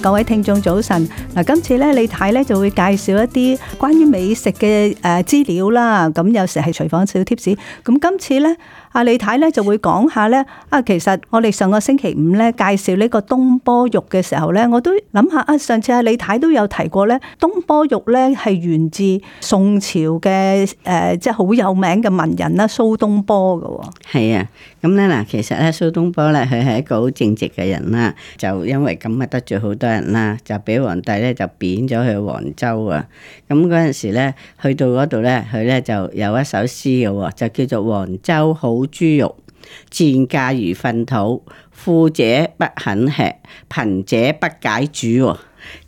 各位聽眾早晨。嗱，今次咧，李太咧就會介紹一啲關於美食嘅誒資料啦。咁有時係廚房小貼士。咁今次咧，阿李太咧就會講下咧。啊，其實我哋上個星期五咧介紹呢個東坡肉嘅時候咧，我都諗下啊，上次阿李太都有提過咧，東坡肉咧係源自宋朝嘅，誒，即係好有名嘅文人啦，蘇東坡嘅。係啊，咁咧嗱，其實咧蘇東坡咧，佢係一個好正直嘅人啦，就因為咁啊得罪好。多人啦，就俾皇帝咧就貶咗去黃州啊！咁嗰陣時咧，去到嗰度咧，佢咧就有一首詩嘅，就叫做《黃州好豬肉，賤價如糞土》。富者不肯吃，貧者不解煮。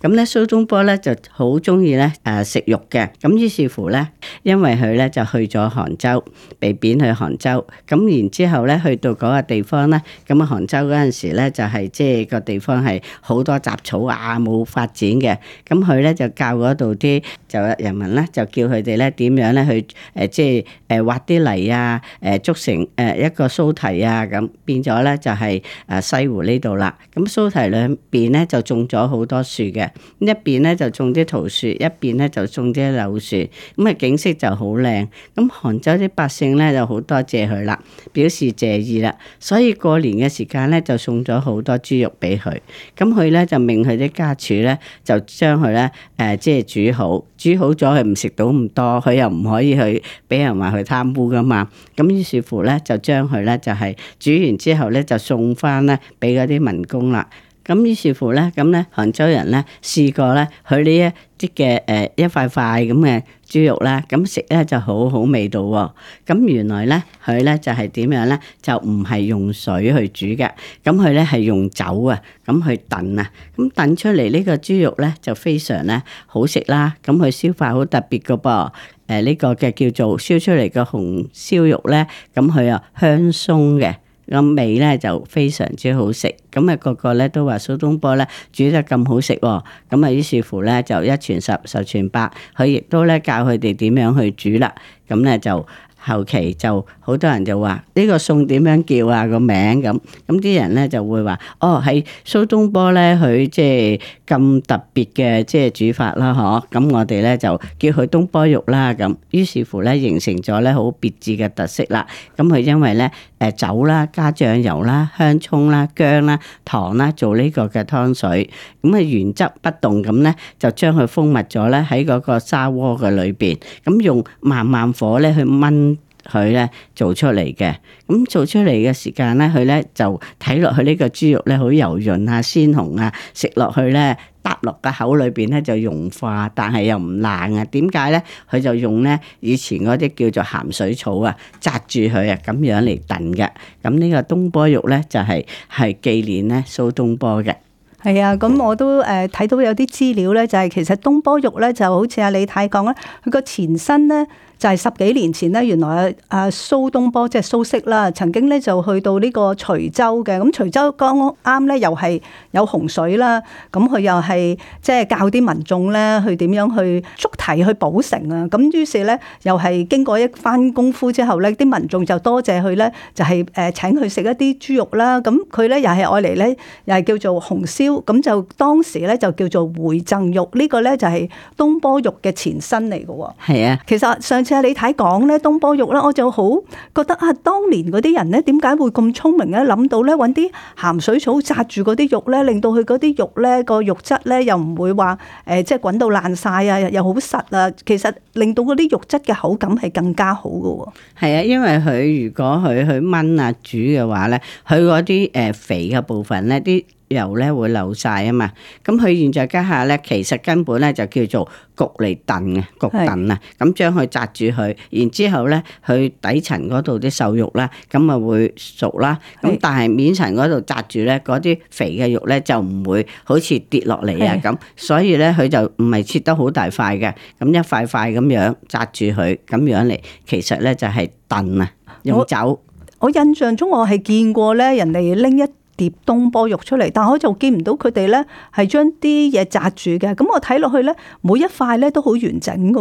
咁咧蘇東坡咧就好鍾意咧誒食肉嘅。咁於是乎咧，因為佢咧就去咗杭州，被貶去杭州。咁然之後咧，去到嗰個地方咧，咁啊杭州嗰陣時咧就係即係個地方係好多雜草、呃呃、啊，冇發展嘅。咁佢咧就教嗰度啲就人民咧就叫佢哋咧點樣咧去誒即係誒挖啲泥啊誒築成誒一個蘇堤啊咁變咗咧就係、是。西湖呢度啦，咁蘇堤兩邊咧就種咗好多樹嘅，一邊咧就種啲桃樹，一邊咧就種啲柳樹，咁啊景色就好靚。咁杭州啲百姓咧就好多謝佢啦，表示謝意啦。所以過年嘅時間咧就送咗好多豬肉俾佢，咁佢咧就命佢啲家廚咧就將佢咧誒即係煮好，煮好咗佢唔食到咁多，佢又唔可以去俾人話佢貪污噶嘛。咁於是乎咧就將佢咧就係煮完之後咧就送。翻咧，俾嗰啲民工啦。咁於是乎咧，咁咧杭州人咧試過咧，佢呢一啲嘅誒一塊塊咁嘅豬肉咧，咁食咧就好好味道喎。咁原來咧，佢咧就係點樣咧？就唔係用水去煮嘅，咁佢咧係用酒啊，咁去燉啊，咁燉出嚟呢個豬肉咧就非常咧好食啦。咁佢消化好特別嘅噃，誒呢個嘅叫做燒出嚟嘅紅燒肉咧，咁佢又香鬆嘅。個味咧就非常之好食，咁、那、啊個個咧都話蘇東坡咧煮得咁好食，哦，咁啊於是乎咧就一傳十十傳百，佢亦都咧教佢哋點樣去煮啦，咁咧就。後期就好多人就話呢個餸點樣叫啊個名咁，咁啲人咧就會話，哦係蘇東坡咧，佢即係咁特別嘅即係煮法啦，嗬，咁我哋咧就叫佢東坡肉啦，咁於是乎咧形成咗咧好別緻嘅特色啦。咁佢因為咧誒酒啦、加醬油啦、香蔥啦、薑啦、糖啦做呢個嘅湯水，咁啊原汁不動咁咧就將佢封密咗咧喺嗰個砂鍋嘅裏邊，咁用慢慢火咧去炆。佢咧做出嚟嘅，咁做出嚟嘅時間咧，佢咧就睇落去呢個豬肉咧好油潤啊、鮮紅啊，食落去咧揼落個口裏邊咧就融化，但係又唔爛啊？點解咧？佢就用咧以前嗰啲叫做鹹水草、就是、啊，紮住佢啊，咁樣嚟燉嘅。咁呢個東坡肉咧就係係紀念咧蘇東坡嘅。係啊，咁我都誒睇到有啲資料咧、就是，就係其實東坡肉咧就好似阿李太講啦，佢個前身咧。就係十幾年前咧，原來啊啊蘇東坡即係蘇軾啦，曾經咧就去到呢個徐州嘅。咁徐州剛啱咧又係有洪水啦，咁佢又係即係教啲民眾咧去點樣去築堤、去補城啊。咁於是咧又係經過一番功夫之後咧，啲民眾就多謝佢咧，就係、是、誒請佢食一啲豬肉啦。咁佢咧又係愛嚟咧，又係叫做紅燒，咁就當時咧就叫做回贈肉。呢、這個咧就係東坡肉嘅前身嚟嘅喎。係啊，其實上。啫，你睇講咧東坡肉啦，我就好覺得啊，當年嗰啲人咧，點解會咁聰明咧？諗到咧搵啲鹹水草紮住嗰啲肉咧，令到佢嗰啲肉咧個肉質咧又唔會話誒，即係滾到爛晒啊，又好實啊。其實令到嗰啲肉質嘅口感係更加好㗎喎。係啊，因為佢如果佢去燜啊煮嘅話咧，佢嗰啲誒肥嘅部分咧啲。油咧會流晒啊嘛，咁佢現在家下咧，其實根本咧就叫做焗嚟燉啊，焗燉啊，咁是將佢紮住佢，然之後咧，佢底層嗰度啲瘦肉啦，咁啊會熟啦，咁是但係面層嗰度紮住咧，嗰啲肥嘅肉咧就唔會好似跌落嚟啊咁，所以咧佢就唔係切得好大塊嘅，咁一塊塊咁樣紮住佢，咁樣嚟，其實咧就係燉啊，用酒我。我印象中我係見過咧，人哋拎一。碟東坡肉出嚟，但我就見唔到佢哋咧，係將啲嘢紮住嘅。咁我睇落去咧，每一塊咧都好完整噶。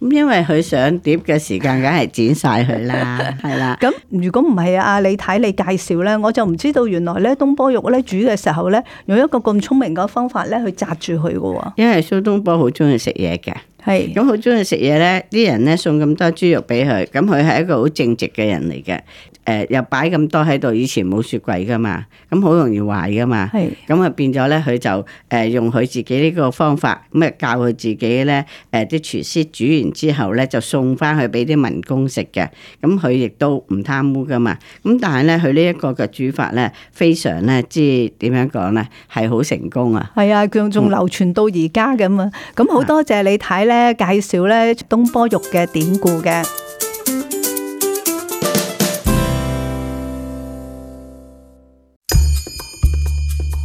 咁因為佢上碟嘅時間，梗係剪晒佢啦，係啦。咁如果唔係啊，你睇你介紹咧，我就唔知道原來咧東坡肉咧煮嘅時候咧，用一個咁聰明嘅方法咧去紮住佢嘅。因為蘇東坡好中意食嘢嘅。係咁好中意食嘢咧，啲人咧送咁多豬肉俾佢，咁佢係一個好正直嘅人嚟嘅。誒、呃，又擺咁多喺度，以前冇雪櫃噶嘛，咁好容易壞噶嘛。係咁啊，變咗咧，佢就誒用佢自己呢個方法，咁啊教佢自己咧，誒啲廚師煮完之後咧就送翻去俾啲民工食嘅。咁佢亦都唔貪污噶嘛。咁但係咧，佢呢一個嘅煮法咧，非常咧，即係點樣講咧，係好成功啊。係啊，仲仲流傳到而家噶嘛。咁好多謝你睇。介紹咧東坡肉嘅典故嘅，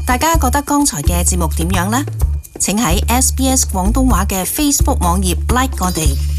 大家覺得剛才嘅節目點樣呢？請喺 SBS 廣東話嘅 Facebook 網頁 like 我哋。